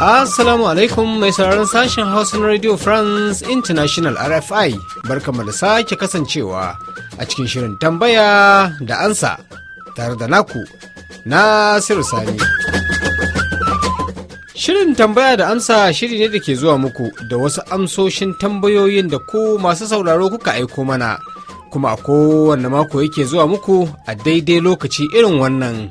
Assalamu alaikum mai sauraron sashen Hausa na Radio France International RFI barkamu da sake kasancewa a cikin shirin tambaya da ansa tare da naku Nasiru Sani. Shirin tambaya da amsa shiri ne da ke zuwa muku da wasu amsoshin tambayoyin da ku masu sauraro kuka aiko mana, kuma a kowane mako yake zuwa muku a daidai lokaci irin wannan.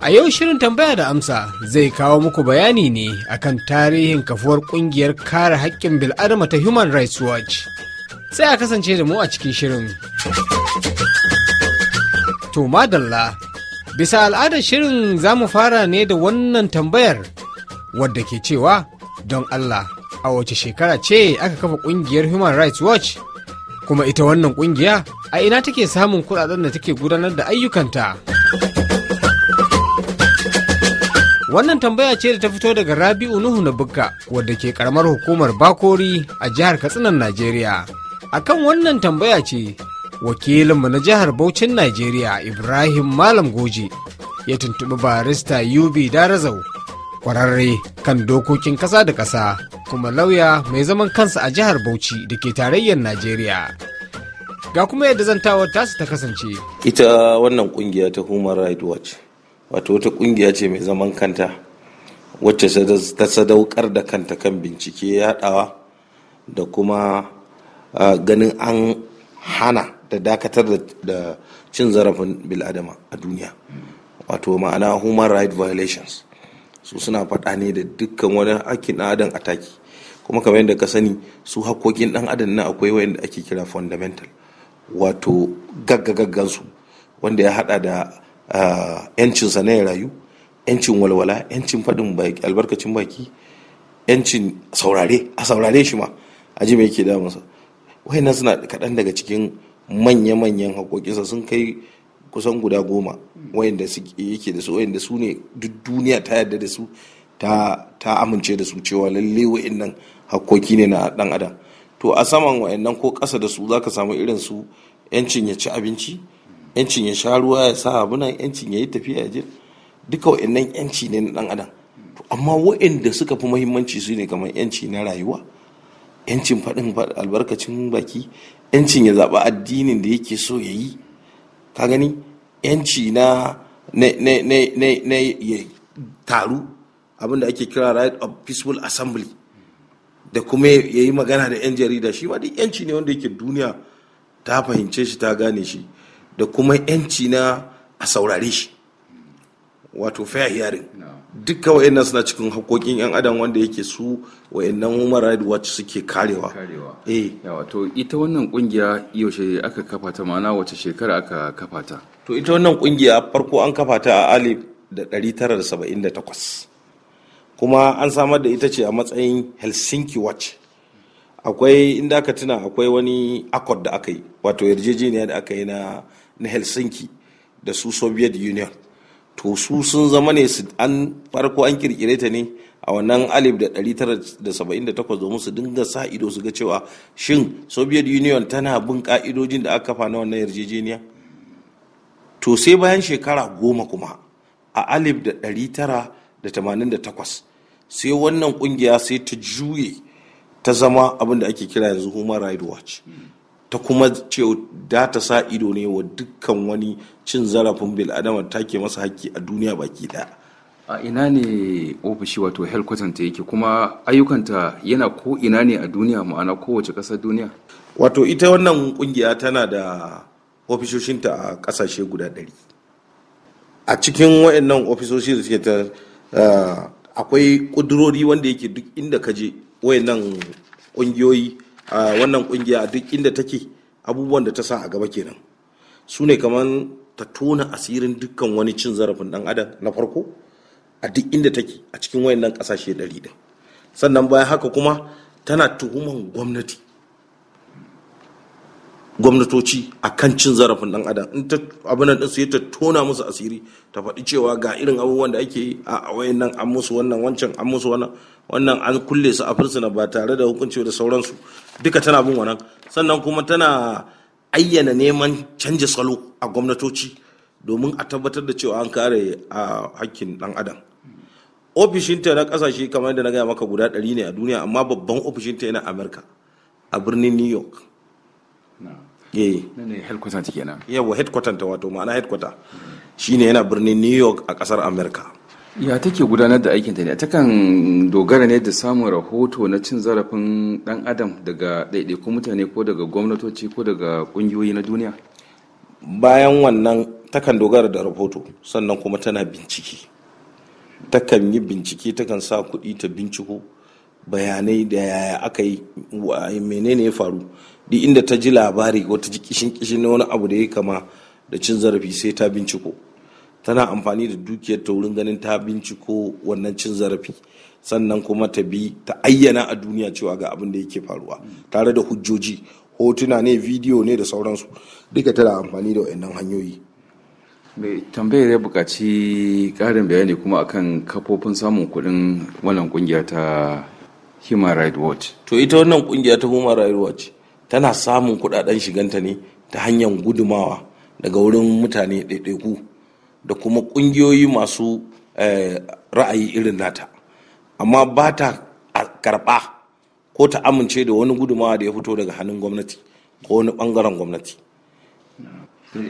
A yau shirin tambaya da amsa zai kawo muku bayani ne akan tarihin kafuwar kungiyar kare haƙƙin bil'adama ta Human Rights Watch. Sai a kasance da mu a cikin shirin. To madalla Bisa al'adar shirin za mu fara ne da wannan tambayar wadda ke cewa don Allah a wace shekara ce aka kafa kungiyar Human Rights Watch kuma ita wannan kungiya a ina take samun kudaden da take gudanar da ayyukanta. Wannan tambaya ce da ta fito daga Rabi'u Nuhu na Bukka wadda ke karamar hukumar Bakori a jihar Katsinan Najeriya. Akan wannan tambaya ce wakilinmu na jihar Bauchin Najeriya Ibrahim Malam Goji ya tuntuɓi barista Yubi Darazau kwararre kan dokokin ƙasa da kasa kuma lauya mai zaman kansa a jihar Bauchi da ke tarayyar Najeriya. Ga kuma yadda zantawar tasu ta kasance. Ita wannan kungiya ta Human Rights Watch wato wata ƙungiya ce mai zaman kanta wacce ta sadaukar da kanta kan bincike yaɗawa da kuma ah, ganin an hana da dakatar da cin zarafin biladama a duniya wato ma'ana human right violations su suna faɗa ne da dukkan wani hakkin ɗan adam a kuma kamar yadda ka sani su hakkokin ɗan adam na akwai wanda ake kira fundamental wato gaggagaggansu wanda ya haɗa da ah, sa na ya rayu yancin walwala yancin faɗin albarkacin baki yancin saurare a saurare shi ma a ji mai ke damunsa wayannan suna kaɗan daga cikin manya-manyan haƙoƙinsa sun kai kusan guda goma wayanda yake da su wayanda su ne duk duniya ta yarda da su ta amince da su cewa lalle wayannan haƙoƙi ne na ɗan adam to a saman wayannan ko ƙasa da su za ka samu irin su yancin ya ci abinci yancin ya sha ruwa ya sa abunan yancin ya yi tafiya ya je duka wayannan yanci ne na ɗan adam amma wayanda suka fi muhimmanci su ne kamar yanci na rayuwa yancin faɗin albarkacin baki yancin ya zaɓi addinin da yake so ya yi ka gani yanci na ya taru abinda ake kira right of peaceful assembly da kuma ya yi magana da 'yan jarida shi ma duk yanci ne wanda yake duniya ta fahimce shi ta gane shi da kuma yanci na a saurare shi wato fair hearing dukkan wayannan suna cikin haƙoƙin yan adam wanda yake su nan human rights watch suke karewa eh wato ita wannan kungiya yaushe aka kafa ta mana wace shekara aka kafa ta to ita wannan kungiya farko an kafa ta a alif da 1978 kuma an samar da ita ce a matsayin helsinki watch akwai inda aka tuna akwai wani accord da aka yi wato yarjejeniya da aka yi na helsinki da su soviet union to su sun zama ne su an farko an kirkire ta ne a wannan alif da 1978 domin su dinga sa ido su ga cewa shin soviet union tana bin ka'idojin da aka kafa na wannan yarjejeniya to sai bayan shekara goma kuma a alif da 1988 sai wannan kungiya sai ta juye ta zama abin da ake kira yanzu human rights watch ta kuma ce da ta sa ido ne wa dukkan wani cin zarafin bil'adama ke masa haƙƙi a duniya baki da. a ina ne ofishi wato helkwatan ta yake kuma ayyukanta yana ko ina ne a duniya ma'ana kowace ƙasar duniya wato ita wannan ƙungiya tana da ofishoshinta a ƙasashe guda ɗari a cikin wayannan ofisoshi da suke ta akwai ƙudurori wanda yake duk inda ka je wayannan ƙungiyoyi a wannan kungiya duk inda take abubuwan da ta sa a gaba kenan su ne kamar ta tona asirin dukkan wani cin zarafin dan adam na farko a duk inda take a cikin wayannan kasashe ɗari ɗin sannan bayan haka kuma tana tuhuman gwamnati gwamnatoci a kan cin zarafin dan adam in ta abin nan sai ta tona musu asiri ta faɗi cewa ga irin abubuwan da ake yi a wayan nan an musu wannan wancan an musu wannan wannan an kulle su a fursuna ba tare da hukunci da sauransu duka tana bin wannan sannan kuma tana ayyana neman canja salo a gwamnatoci domin a tabbatar da cewa an kare a hakkin dan adam ofishinta na kasashe kamar da na gaya maka guda ɗari ne a duniya amma babban ofishinta yana amurka a birnin new york eh wato ma'ana headquarter shine yana birnin New York a kasar America ya take gudanar da aikinta ne ta kan dogara ne da samun rahoto na cin zarafin dan adam daga ɗaiɗaikun mutane ko daga gwamnatoci ko daga ƙungiyoyi na duniya bayan wannan ta kan dogara da rahoto sannan kuma tana bincike kan yi bincike kan sa kuɗi ta binciko bayanai da yaya aka yi menene ya faru duk inda ta ji labari ko ta ji kishin kishin na wani abu da ya kama da cin zarafi sai ta binciko tana amfani da dukiyar ta wurin ganin ta binciko wannan cin zarafi sannan kuma ta bi ta ayyana a duniya cewa ga abin da yake faruwa tare da hujjoji hotuna ne bidiyo ne da sauransu duka tana amfani da wayannan hanyoyi mai tambayar ya bukaci karin bayani kuma akan kafofin samun kuɗin wannan kungiya ta human rights watch to ita wannan ƙungiya ta human rights watch tana samun kudaden shiganta ne ta hanyar gudumawa daga wurin mutane ɗaiɗaiku da kuma ƙungiyoyi masu eh, ra'ayi irin nata amma ba ta karɓa ko ta amince da wani gudumawa da ya fito daga hannun gwamnati ko wani ɓangaren gwamnati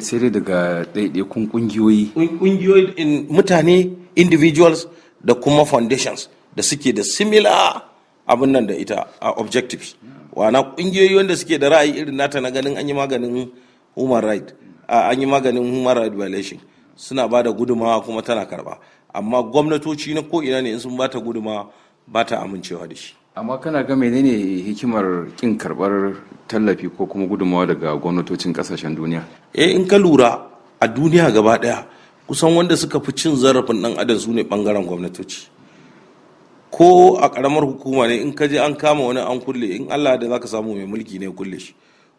sai dai daga ɗaiɗaikun ƙungiyoyi ƙungiyoyi mutane individuals da kuma foundations da suke da similar abin nan da ita a objectives wana kungiyoyi wanda suke da ra'ayi irin nata na ganin an yi maganin human right an yi maganin human right violation suna ba da gudumawa kuma tana karba amma gwamnatoci na ko ina ne in sun bata gudumawa ba ta amincewa da shi amma kana ga menene hikimar kin karbar tallafi ko kuma gudumawa daga gwamnatocin kasashen duniya eh in ka lura a duniya gaba daya kusan wanda suka fi cin zarafin dan adam su ne bangaren gwamnatoci ko a karamar hukuma ne in ka je an kama wani an kulle in allah da zaka samu mai mulki ne kulle shi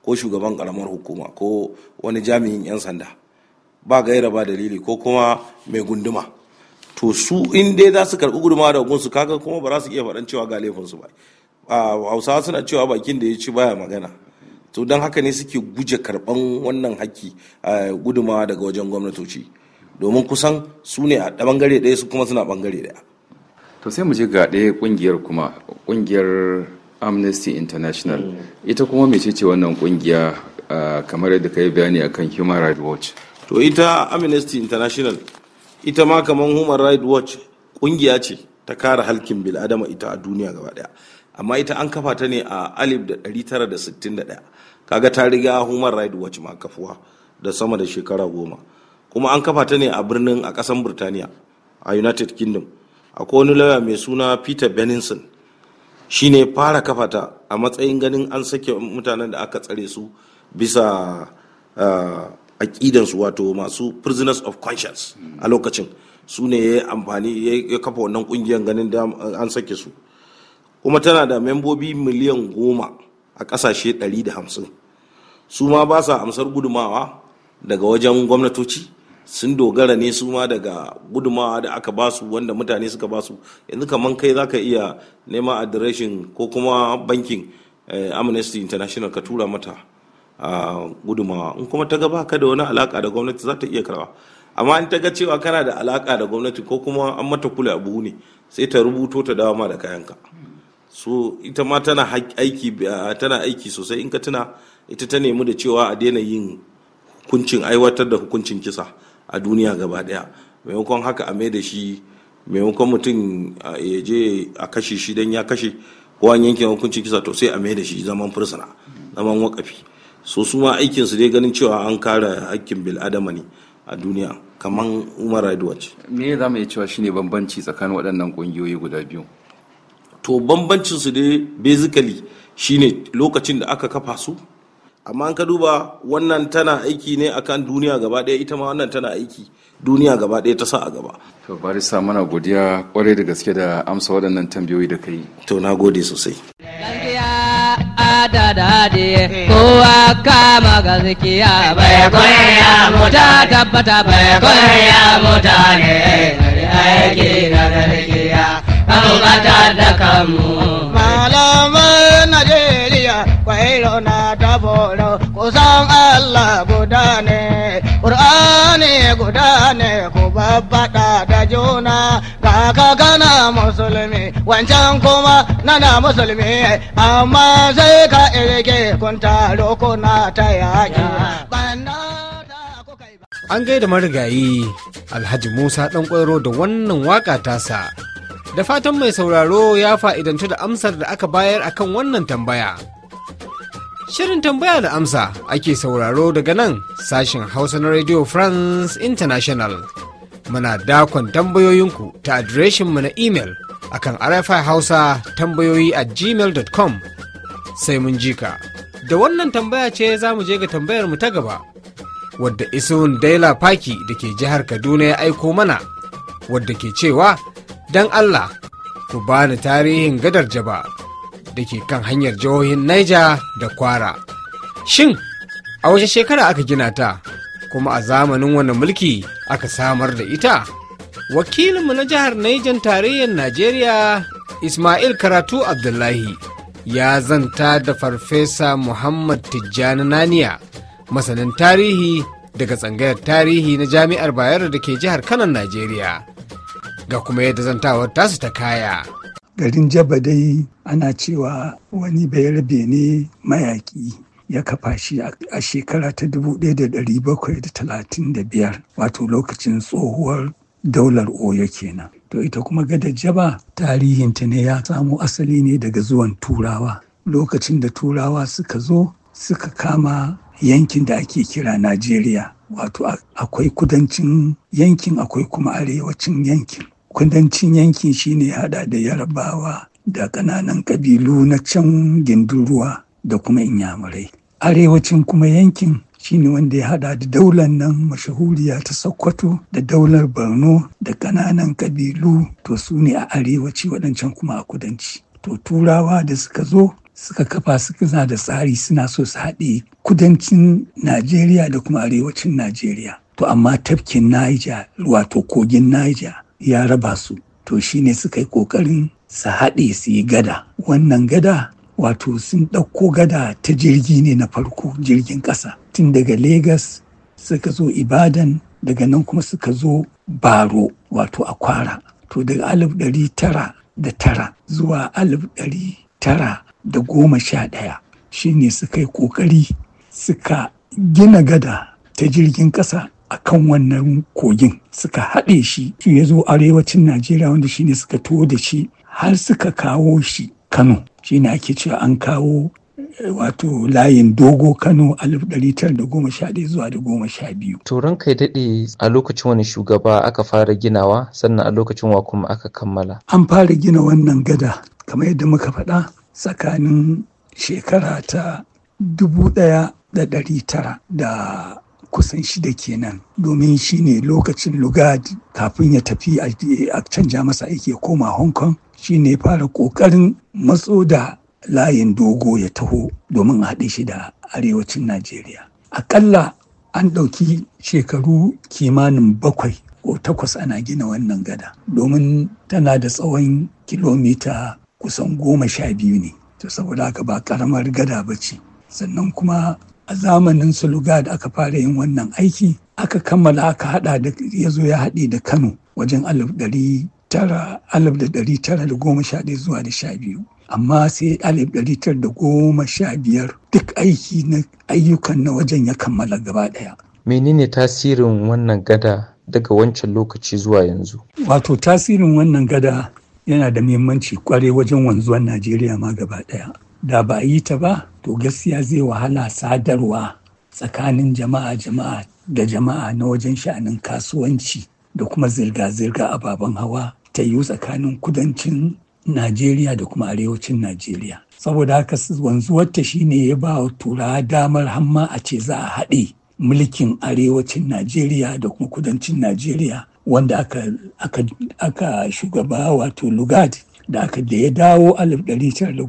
ko shugaban karamar hukuma ko wani jami'in 'yan sanda ba gaira ba dalili ko kuma mai gunduma to su in dai za su karɓi guduma da gunsu kaga kuma ba za su iya faɗan cewa ga laifinsu ba a hausawa suna cewa bakin da ya ci baya magana to don haka ne suke guje karɓan wannan haƙƙi guduma daga wajen gwamnatoci domin kusan su ne a bangare ɗaya su kuma suna ɓangare ɗaya to sai mu je ga ɗaya ƙungiyar kuma ƙungiyar amnesty international mm. ita kuma ce wannan ƙungiya kamar yadda ka yi bayani akan human rights watch to ita amnesty international ita ma kamar human rights watch ƙungiya ce ta kare halkin bil'adama ita a duniya gaba daya amma ita an kafa ta ne a 1961 kaga ta riga human rights watch ma kafuwa da sama da shekara goma kuma an kafa ta ne a birnin a kasan burtaniya a united kingdom akwai wani lauya mai suna peter benninson shi ne fara kafata a matsayin ganin an sake mutanen da aka tsare su bisa ah, aƙidansu wato masu prisoners of conscience a lokacin su ne ya amfani ya kafa wannan ƙungiyar ganin da an sake su kuma tana da membobi miliyan goma a ƙasashe 150 su ma ba sa amsar gudumawa daga wajen gwamnatoci sun dogara ne su ma daga gudumawa da aka basu wanda mutane suka basu yanzu kamar kai za ka iya neman adireshin ko kuma bankin eh, amnesty international ka tura mata a ah, gudumawa in kuma ta gaba ka da wani alaka da gwamnati za ta iya karawa amma in ta ga cewa kana da alaka da gwamnati ko kuma an mata kula abu ne sai ta rubuto ta dawo ma da kayanka so ita ma tana aiki ah, tana aiki sosai in ka tuna ita ta nemi da cewa a daina yin hukuncin aiwatar da hukuncin kisa a duniya gaba daya maimakon haka a mai da shi maimakon mutum ya je a kashe shi don ya kashe ko an yanke hukuncin kisa to sai a mai da shi zaman fursuna zaman wakafi so su ma aikin dai ganin cewa an kare hakkin bil adama ne a duniya kamar umar radwac me za mu iya cewa shine bambanci tsakanin waɗannan ƙungiyoyi guda biyu to bambancin su dai basically shine lokacin da aka kafa su amma an ka duba wannan tana aiki ne a kan duniya gaba ɗaya ita ma wannan tana aiki duniya gaba ɗaya ta sa a gaba to mana godiya kwarai da gaske da amsa waɗannan tambayoyi da kai to na gode sosai da dade kowa kama ga da kanmu guda ne ku babbaɗa da juna ga ka gana musulmi wancan kuma nana musulmi amma sai ka ilike kun taro kuna ta yaƙi. An gaida marigayi Alhaji Musa ɗan ƙwairo da wannan waƙa tasa. Da fatan mai sauraro ya fa'idantu da amsar da aka bayar akan wannan tambaya. Shirin tambaya da amsa ake sauraro daga nan sashen Hausa na Radio France International. Muna dakon tambayoyinku ta mu na imel akan RFI Hausa tambayoyi a gmail.com sai mun ji ka. Da wannan tambaya ce za mu je ga tambayar mu ta gaba, wadda isun Daila Paki da ke jihar Kaduna ya aiko mana, wadda ke cewa, 'Dan Allah, ku bani tarihin gadar jaba. da ke kan hanyar jihohin Niger da Kwara. Shin, a wace shekara aka gina ta, kuma a zamanin wani mulki aka samar da ita? Wakilinmu na jihar Niger tarayyar Najeriya, Ismail Karatu Abdullahi, ya zanta da Farfesa Muhammad Tijjani Naniya, masanin tarihi daga tsangayar tarihi na jami'ar Bayero da ke jihar Kanan Najeriya. Ga kuma yadda zantawar tasu ta kaya. garin jaba dai ana cewa wani Bayar Bene mayaki ya kafa shi a shekara ta 1735 wato lokacin tsohuwar daular oyo kenan to ita kuma gada jaba tarihinta ne ya samo asali ne daga zuwan turawa lokacin da turawa suka zo suka kama yankin da ake kira najeriya wato akwai kudancin yankin akwai kuma arewacin yankin kudancin yankin shine hada da yarbawa da ƙananan ƙabilu na can gindin ruwa da kuma inyamurai arewacin kuma yankin shine wanda ya hada da daular nan mashahuriya ta sokoto da daular borno da ƙananan ƙabilu to su ne a arewaci waɗancan kuma a kudanci to turawa da suka zo suka kafa suka da tsari suna so su haɗe kudancin najeriya da kuma arewacin najeriya to amma tafkin Niger wato kogin Niger ya raba su to shine suka yi kokarin su haɗe su yi gada wannan gada wato sun ɗauko gada ta jirgi ne na farko jirgin ƙasa tun daga Legas suka zo Ibadan daga nan kuma suka zo Baro wato Akwara to daga alif ɗari tara da tara zuwa alif ɗari tara da goma sha ɗaya shine suka yi kokari suka gina gada ta jirgin ƙasa Akan wannan kogin suka haɗe shi ya zo arewacin najeriya wanda shi ne suka tuwo da shi har suka kawo shi kano shine ake cewa an kawo eh, wato layin dogo kano da sha ɗaya zuwa da goma sha biyu. turan kai daɗe a lokacin wani shugaba aka fara ginawa sannan a lokacin wa kuma aka kammala an fara gina wannan gada kamar yadda muka faɗa tsakanin shekara ta dubu ɗaya da ɗari tara da kusan shida kenan domin shi ne lokacin lugard kafin ya tafi a canja masa aiki ya koma hong kong shi ne fara ƙoƙarin matso da layin dogo ya taho domin haɗe shi da arewacin najeriya aƙalla an ɗauki shekaru kimanin bakwai ko takwas ana gina wannan gada domin tana da tsawon kilomita kusan goma sha biyu ne Ta saboda haka ba karamar gada ba ce sannan kuma a zamanin Sulugad da aka fara yin wannan aiki aka kammala aka hada da ya zo ya haɗe da Kano wajen alif da dari tara da goma sha ɗaya zuwa da sha biyu amma sai alif dari tara da goma sha biyar duk aiki na ayyukan na wajen ya kammala gaba ɗaya. Menene tasirin wannan gada daga wancan lokaci zuwa yanzu? Wato tasirin wannan gada yana da muhimmanci kwarai wajen wanzuwan Najeriya ma gaba ɗaya. da ba a yi ta ba to gaskiya zai wahala sadarwa tsakanin jama'a jama'a da jama'a na wajen sha'anin kasuwanci da kuma zirga-zirga ababen hawa ta yiwu tsakanin kudancin najeriya da kuma arewacin najeriya saboda haka wanzuwarta ne ya ba wa tura damar hamma a ce za a haɗe mulkin arewacin najeriya da kuma kudancin najeriya wanda aka, aka, aka shugaba wato lugard da aka da ya dawo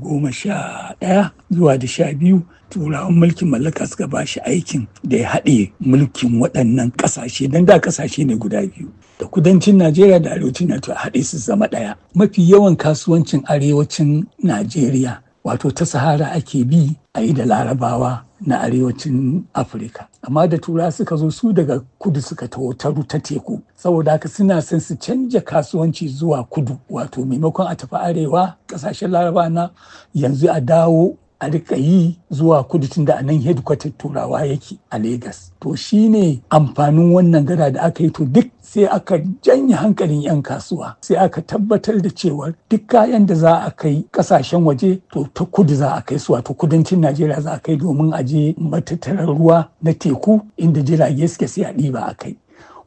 goma sha ɗaya zuwa da sha biyu turawan mulkin mallaka suka ba shi aikin da ya haɗe mulkin waɗannan ƙasashe don da ƙasashe ne guda biyu da kudancin najeriya da arewacin najeriya haɗe su zama ɗaya mafi yawan kasuwancin arewacin najeriya wato ta sahara ake bi a yi da larabawa na arewacin afirka amma da tura suka zo su daga kudu suka taho ta ta teku saboda haka suna son su canja kasuwanci zuwa kudu wato maimakon a tafi arewa kasashen larabawa na yanzu a dawo a rika yi zuwa kudu tun da a nan hedkwatar turawa yake a Legas. To shi ne amfanin wannan gara da aka yi to duk sai aka janye hankalin 'yan kasuwa sai aka tabbatar da cewar duk kayan da za a kai kasashen waje to ta kudu za a kai su wato kudancin Najeriya za a kai domin a je matattarar ruwa na teku inda jirage suke sai a ɗiba a kai.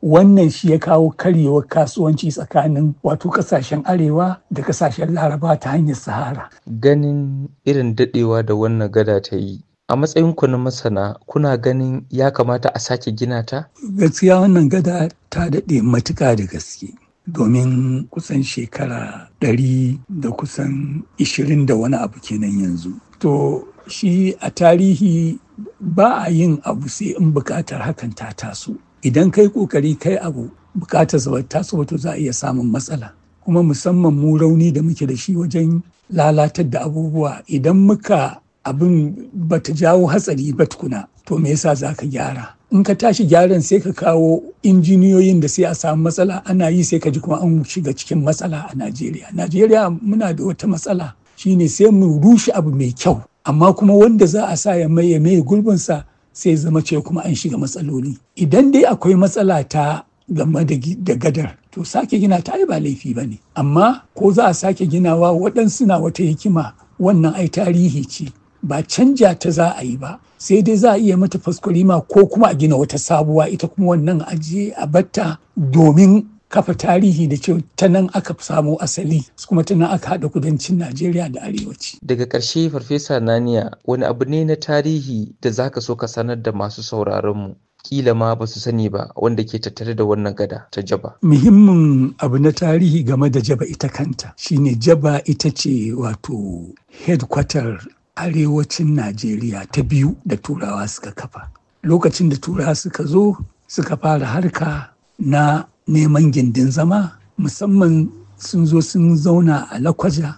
wannan shi ya kawo karyewar kasuwanci tsakanin wato kasashen arewa da kasashen laraba ta hanyar sahara ganin irin dadewa da wannan gada ta yi a matsayin ku na masana kuna ganin ya kamata a sake gina ta gaskiya wannan gada ta dade matuka da gaske domin kusan shekara ɗari da kusan ishirin da wani abu kenan yanzu to shi a tarihi ba a yin abu sai in bukatar hakan ta taso idan kai kokari kai abu bukatar sa ta so to za a iya samun matsala kuma musamman mu rauni da muke da shi wajen lalatar da abubuwa idan muka abin ba ta jawo hatsari ba tukuna to me yasa za ka gyara in ka tashi gyaran sai ka kawo injiniyoyin da sai a samu matsala ana yi sai ka ji kuma an shiga cikin matsala a najeriya najeriya muna da wata matsala shine sai mu rushe abu mai kyau amma kuma wanda za a sa ya maye maye gurbinsa sai zama ce kuma an shiga matsaloli idan dai akwai matsala ta game da gadar to sake gina ta yi ba laifi ba ne amma ko za a sake ginawa waɗansu na wata hikima wannan ai tarihi ce ba canja ta za a yi ba sai dai za a iya mata faskurima ko kuma a gina wata sabuwa ita kuma wannan ajiye a batta domin kafa tarihi da cewa ta nan aka samo asali kuma ta nan aka haɗa kudancin Najeriya da arewaci. Daga ƙarshe Farfesa Naniya wani abu ne na tarihi da za ka so ka sanar da masu sauraronmu. kila ma ba su sani ba wanda ke tattare da wannan gada ta jaba. Muhimmin abu na tarihi game da jaba ita kanta shine jaba ita ce wato headquarter arewacin Najeriya ta biyu da turawa suka kafa. Lokacin da turawa suka zo suka fara harka na neman gindin zama musamman sun zo sun zauna a lakwaja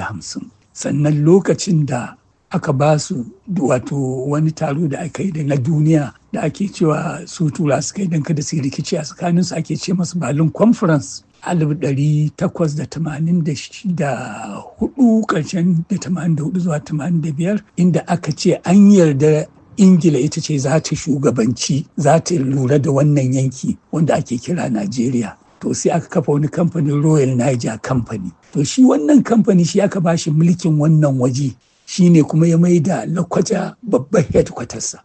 hamsin. sannan lokacin da aka ba su wato wani taro da aka yi da na duniya da ake cewa su tura su yi danka da su rikici a tsakanin su ake ce masu balin conference alif ɗari takwas da tamanin da hudu ƙarshen da tamanin da hudu zuwa tamanin da biyar inda aka ce an yarda ingila ita ce za ta shugabanci za ta lura da wannan yanki wanda ake kira najeriya to sai aka kafa wani kamfanin royal niger company to shi wannan kamfani shi aka shi mulkin wannan waje shine kuma ya maida lakwaja babban headquartersa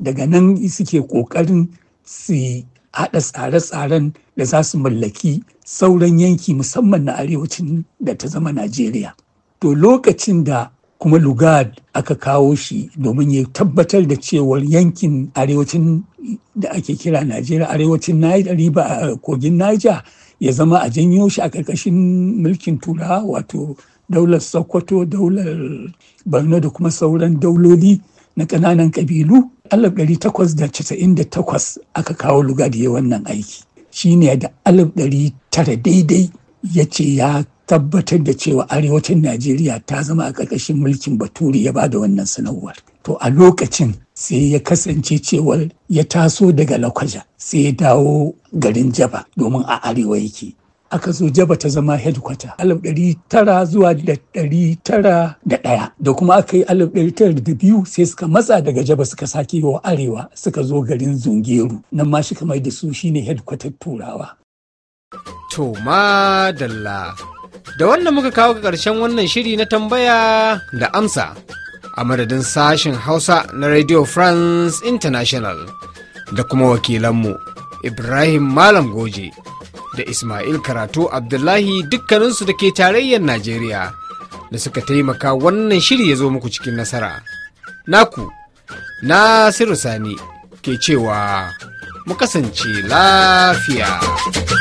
daga nan suke kokarin su haɗa tsare-tsaren da za su mallaki sauran yanki musamman na arewacin da ta zama najeriya to lokacin da kuma lugard aka kawo shi domin ya tabbatar da cewar yankin arewacin da ake kira najeriya arewacin riba a kogin niger ya zama a janyo shi a ƙarƙashin mulkin turawa wato daular sokoto daular borno da kuma sauran dauloli na ƙananan ƙabilu takwas aka kawo lugard ya wannan aiki shine da alif ɗari tara daidai ya ce ya tabbatar da cewa arewacin Najeriya ta zama a ƙarƙashin mulkin Baturi ya bada wannan sanarwar. To a lokacin sai ya kasance cewar ya taso daga Lakwaja sai ya dawo garin Jaba domin a arewa yake. Aka zo Jaba ta zama headquarter alif ɗari tara zuwa da ɗari tara da ɗaya da kuma aka yi alif ɗari tara da biyu sai suka matsa daga Jaba suka sake wa arewa suka zo garin Zungeru nan ma shi kamar da su shine headquarter Turawa. To dalla. Da wannan muka kawo ga ƙarshen wannan shiri na tambaya da amsa a madadin sashen Hausa na Radio France International da kuma wakilanmu Ibrahim Malam Goje da Ismail Karatu Abdullahi dukkaninsu da ke tarayyar Najeriya da suka taimaka wannan shiri ya zo muku cikin nasara. Naku, Nasiru Sani ke cewa mu kasance lafiya.